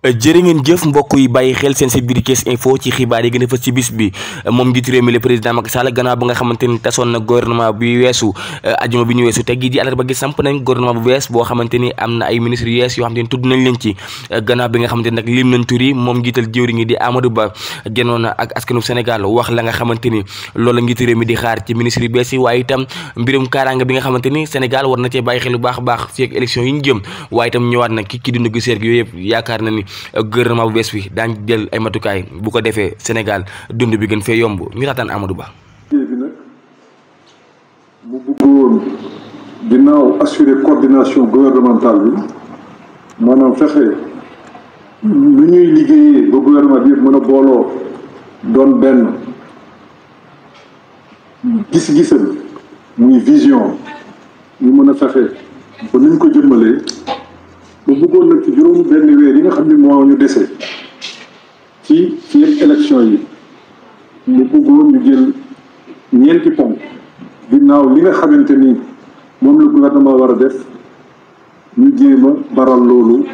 jërë ngeen jëf mbokk yi bàyyi xel seen info ci xibaar yi gën a fës ci bis bi moom njiitu réew mi le président Macky Sall gannaaw ba nga xamante ni tasoon na gouvernement bi weesu eh, ajuma bi ñu weesu te gi boo xamante ni am na ay ministre yu bees yoo xamante ni tudd nañ leen ci eh, gannaaw bi nga xamante ni nag lim nañ tur yi moom njiital jëwri ngi di Amadou Ba génnoon na ak askanu Sénégal wax la nga xamante ni loolu la njiitu mi di xaar ci ministre yu bees yi waaye itam mbirum kaaraanga bi nga xamante ni na cee bàyyi xel bu baax baax fii ak élection yi ñu jëm waaye itam ñëwaat na ki ki dund gi seer na ni gouvernement bu bees bi daañ jël ay matukaay bu ko defee Sénégal dund bi gën fee yomb ñu taataan Amadou Ba. bi nag mu bëgg woon ginnaaw assurer coordination gouvernementale bi maanaam fexe nu ñuy liggéeyee ba gouvernement bi mën a booloo doon benn gis-gisam muy vision ñu mën a fexe ba nuñ ko jëmmalee. bu bëggoon nag ci juróom benn weer yi nga xam ne moo ñu dese ci ci yëpp élection yi mu bëggoon ñu jël ñeenti ponk ginnaaw li nga xamante ni moom la gouvernement war a def ñu jéem a baral loolu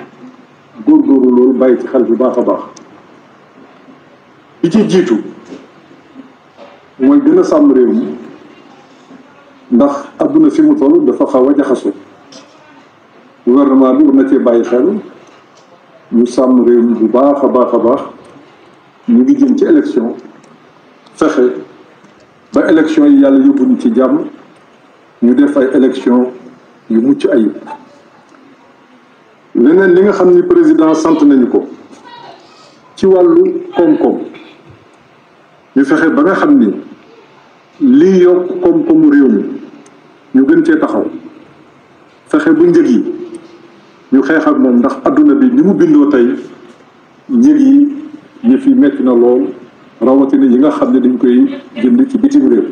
góorgóorlu loolu bàyyi ci xel bu baax a baax bi ci jiitu mooy gën a sàmm réew mi ndax àdduna fi mu toll dafa xaw a jaxasoo gouvernement bi war na cee bàyyi xel ñu sàmm réew bu baax a baax a baax ñu ngi jëm ci élection fexe ba élection yi yàlla yóbbu ñu ci jàmm ñu def ay élection yu mucc ayib leneen li nga xam ni président sant nañu ko ci wàllu koom-koom ñu fexe ba nga xam ni lii yokk koom-koomu réew mi ñu gën cee taxaw fexe bu njëg yi ñu xeex ak moom ndax adduna bi ni mu bindoo tey njëg yi yëf yi metti na lool rawatina yi nga xam ne dañ koy jënd ci bitim réew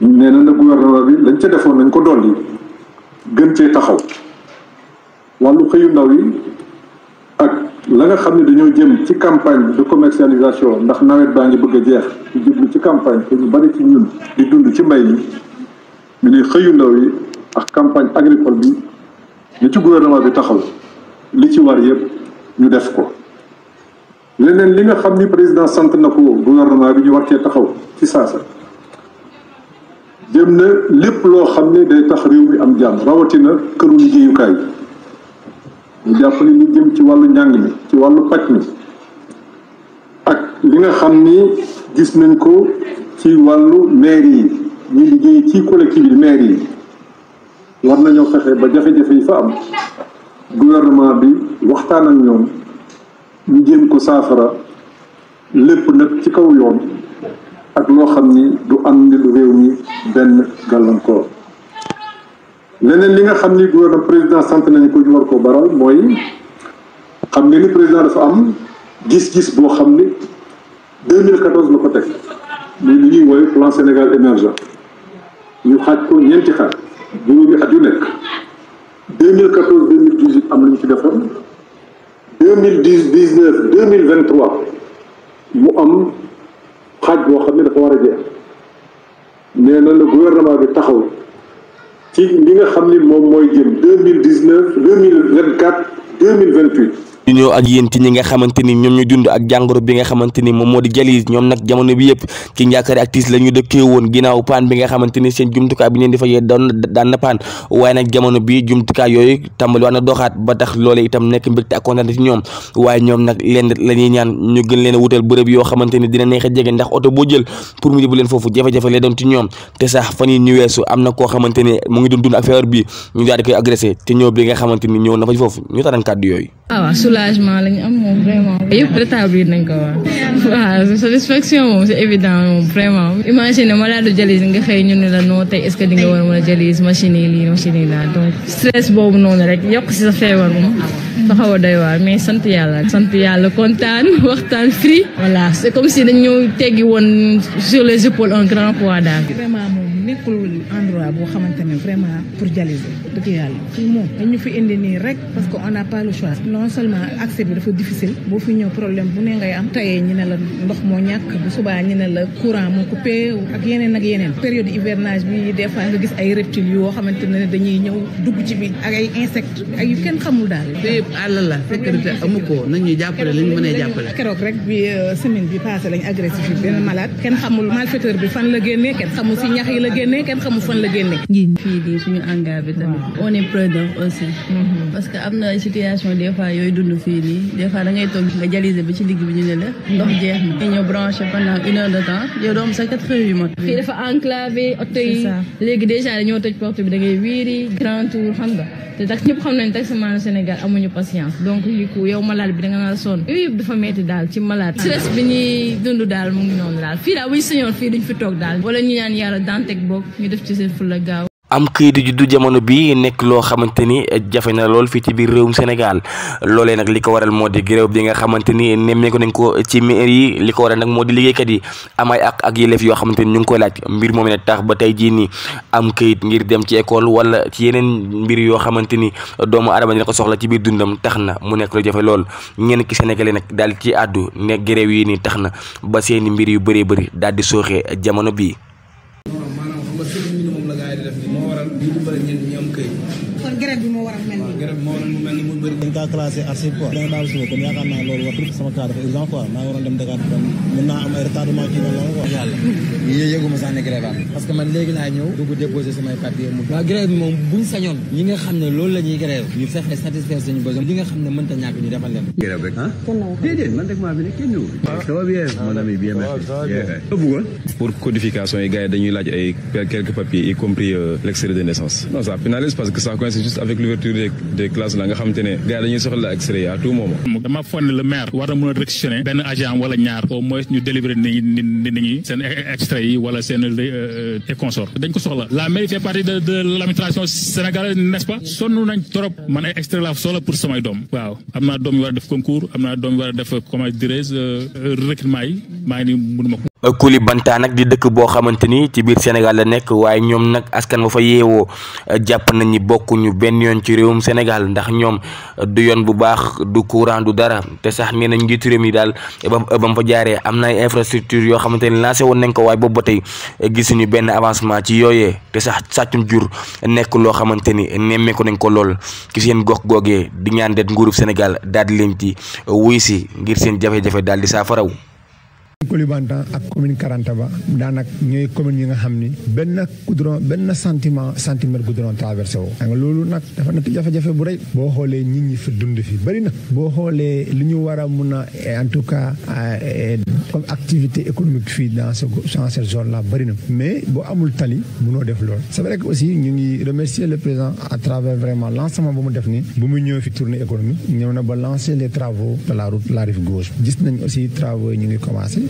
nee na na gouvernement bi lañ ca defoon nañ ko dolli gën cee taxaw wàllu xëyu ndaw yi ak la nga xam ne dañoo jëm ci campagne de commercialisation ndax nawet baa ngi bëgg a jeex ñu jublu ci campagne te ñu bari ci ñun di dund ci mbay mi ñu ne xëyu ndaw yi ak campagne agricole bi ñu ci gouvernement bi taxaw li ci war yëpp ñu def ko leneen li nga xam ni président sant na ko gouvernement bi ñu war cee taxaw ci saasa jëm na lépp loo xam ne day tax réew mi am jàmm rawatina këru liggéeyukaay yi ñu jàpp ni jëm ci wàllu njàng mi ci wàllu paj mi ak li nga xam ni gis nañ ko ci wàllu maire yi ñu liggéey ci yi maire yi na ñëw fexe ba jafe-jafe yi fa am gouvernement bi waxtaan ak ñoom ñu jéem ko saafara lépp nag ci kaw yoon ak loo xam ni du am ni lu réew mi benn gàllankoor leneen li nga xam ni gouvernement président sant nañu ko ñu war ko baral mooy xam nga ni président dafa am gis-gis boo xam ni 2014 la ko teg muy li ñuy woowee plan Sénégal émergent ñu xaaj ko ñeenti xaaj juróomi at yu nekk 2014 2018 am nañu ci defoon 2019 2023 mu am xaaj boo xam ne dafa war a jeex nee na le gouvernement bi taxaw ci li nga xam ni moom mooy jëm 2019 2024 2028 ñu ñëw ak nga xamante ni ñoom ñu dund ak jàngoro bi nga xamante ni moom moo di jalis ñoom nag jamono bi yëpp ci njaakaari ak tiis la ñu dëkkee woon ginnaaw paan bi nga xamante ni seen jumtukaay bi ñu leen di fayee doon na paan waaye nag jamono bi jumtukaay yooyu tàmbali waat ba tax loolee itam nekk mbégte ak kontaan ci ñoom waaye ñoom nag leen la ñuy ñaan ñu gën leen wuteel wutal bërëb yoo xamante ni dina neex a jege ndax oto boo jël pour mu yóbbu leen foofu jafe-jafe lay doon ci ñoom te sax fan yi ñu weesu am na koo xamante ni mu ngi doon dund ak feebar bi ñu daal di koy agressé te ñëw bi nga xamante ni ñëw na fa foofu ñu taran kàddu yooyu ah, soulagement la ñu am moom vraiment. yëpp rétablir nañ ko waaw. waaw satisfaction moom c'est évident moom vraiment. imagine malade de dialyse nga xëy ñu ne la non tey est-ce que war a mën a dialyse machine yi lii machine yi laa donc stress boobu noonu rek yokk si sa feebar moom. fa xaw a doy mais sant yàlla. sant yàlla kontaan waxtaan free. voilà c'est comme si dañu teggi woon sur le épaules un grand poids daal. nekkul endroit boo xamante ne vraiment pour dialyser dëgg yàlla fii moom dañu fi indi nii rek parce que on n'a pas le choix non seulement accès bi dafa difficile boo fi ñëw problème bu ne ngay am tayee ñi ne la ndox moo ñàkk bu subaa ñi ne la courant moo coupé ak yeneen ak yeneen période hivernage bi des nga gis ay reptiles yoo xamante ne dañuy ñëw dugg ci biir ak ay insectes ak kenn xamul daal te àll la sécurité amu ko jàppale a keroog rek euh, génnee kenn xamul fan la génnee. fii di suñu hangar bi tamit. on est preneur aussi. Mm-hmm. parce am na situation des yooyu dund fii nii des fois da ngay toog nga dialysé ba ci digg bi ñu ne la. ndox jeex na. nga ñëw branché pendant une heure de temps yow doom sa quatre heures yu mot. fii dafa enclavé oto yi. léegi déjà dañoo toj porte bi da ngay wiiri grand tour xam nga. te tax ñëpp xam nañ taximan Sénégal amuñu patience donc yow malade bi da nga naa sonn yooyu yëpp dafa metti bopp ñu def ci seen fulla gaaw. am këyitu juddu jamono bi nekk loo xamante ni jafe na lool fii ci biir réewum Sénégal loolee nag li ko waral moo di gréew bi nga xamante ni nemmeeku nañ ko ci maire yi li ko waral nag moo di liggéeykat yi am ak ak yoo xamante ni ñu ngi laaj mbir moom ne tax ba tey jii nii am këyit ngir dem ci école wala ci yeneen mbir yoo xamante ni doomu aadama dina ko soxla ci biir dundam tax na mu nekk lu jafe lool ngeen ki Sénégalais nag daal ci àddu ne gréew yi nii tax na ba seeni mbir yu bëree bëri daal di sooxee jamono bii ñu dimbali ñenn ñi këy. kon grève bi moo a mel nii. waaw grève bi moo waral mu mel ni mu bëri. dañ kaa classé archive quoi. dama daal suba comme yaakaar naa loolu wax sama cas dafa urgent quoi maa waroon dem am ay loolu quoi. yàlla yëguma sax ne grève am ñëw dugg déposé samay papier mu buñ sañoon ñi nga xam ne loolu la ñuy grève ñu fexe satisfaire suñu besoin li nga xam ne mënta ñàkk ñu defal leen grève rek ah déedéet man rek maa fi ne kenn ñëw ah. ça va bien de naissance l'aise parce que ça coïncide juste avec l'ouverture des, des la nga xamante ne dañuy soxla ak accès à tout moment. dama foog ne maire war na mën a réquisitionner benn agent wala ñaar au moins ñu délivrer nit ñi ñi seen e-, e-, extrait yi wala seen euh, euh, et consort dañ ko soxla la mairie fait partie de de l'administration sénégalaise n'est-ce pas sonn nañ trop man extrait laa soxla pour samay doom waaw am naa doom yu war a def concours am naa doom yu war a def euh, comment dirais Koulibantang nag di dëkk boo xamante ni ci biir Sénégal la nekk waaye ñoom nag askan wa fa yeewoo jàpp nañ ni bokkuñu benn yoon ci réewum Sénégal ndax ñoom du yoon bu baax du courant du dara te sax nee nañ njiitu réew mi daal ba mu fa jaaree am na ay infrastructure yoo xamante ni lancé woon nañ ko waaye boobu ba tey gisuñu benn avancement ci yooyee te sax sàccum jur nekk loo xamante ni nemmeeku nañ ko lool ci seen gox googee di ñaan det nguurub Sénégal daal di leen ci wuy si ngir seen jafe daal di saafaraw Koulibantang ak commune Karantaba daanak ñooy commune yi nga xam ni benn goudron benn sentiment centimètre goudron traversé woo xam nga loolu nag dafa nekk jafe bu rëy boo xoolee nit ñi fi dund fi bëri na boo xoolee li ñu war a mun a eh, en tout cas eh, comme activité économique fii dans ce dans cette zone là bëri na mais boo amul tali munoo def lool c'est vrai que aussi ñu ngi remercier le président à travers vraiment lancement bu mu def nii bu mu ñëw fi tournée économique ñëw na ba lancer les travaux de la la rive gauche gis nañ aussi travaux yi ñu ngi commencé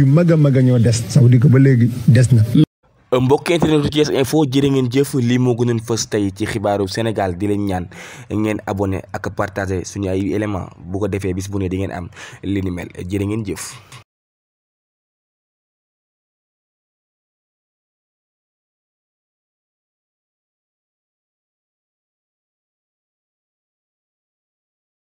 yu mag a mag a ñoo des ça ko ba léegi des na mbokk internetu Thiès Info jërë ngeen jëf lii moo gënoon fës tey ci xibaaru Sénégal di leen ñaan ngeen abonné ak partagé suñu ay élément bu ko defee bis bu ne di am li ni ngeen jëf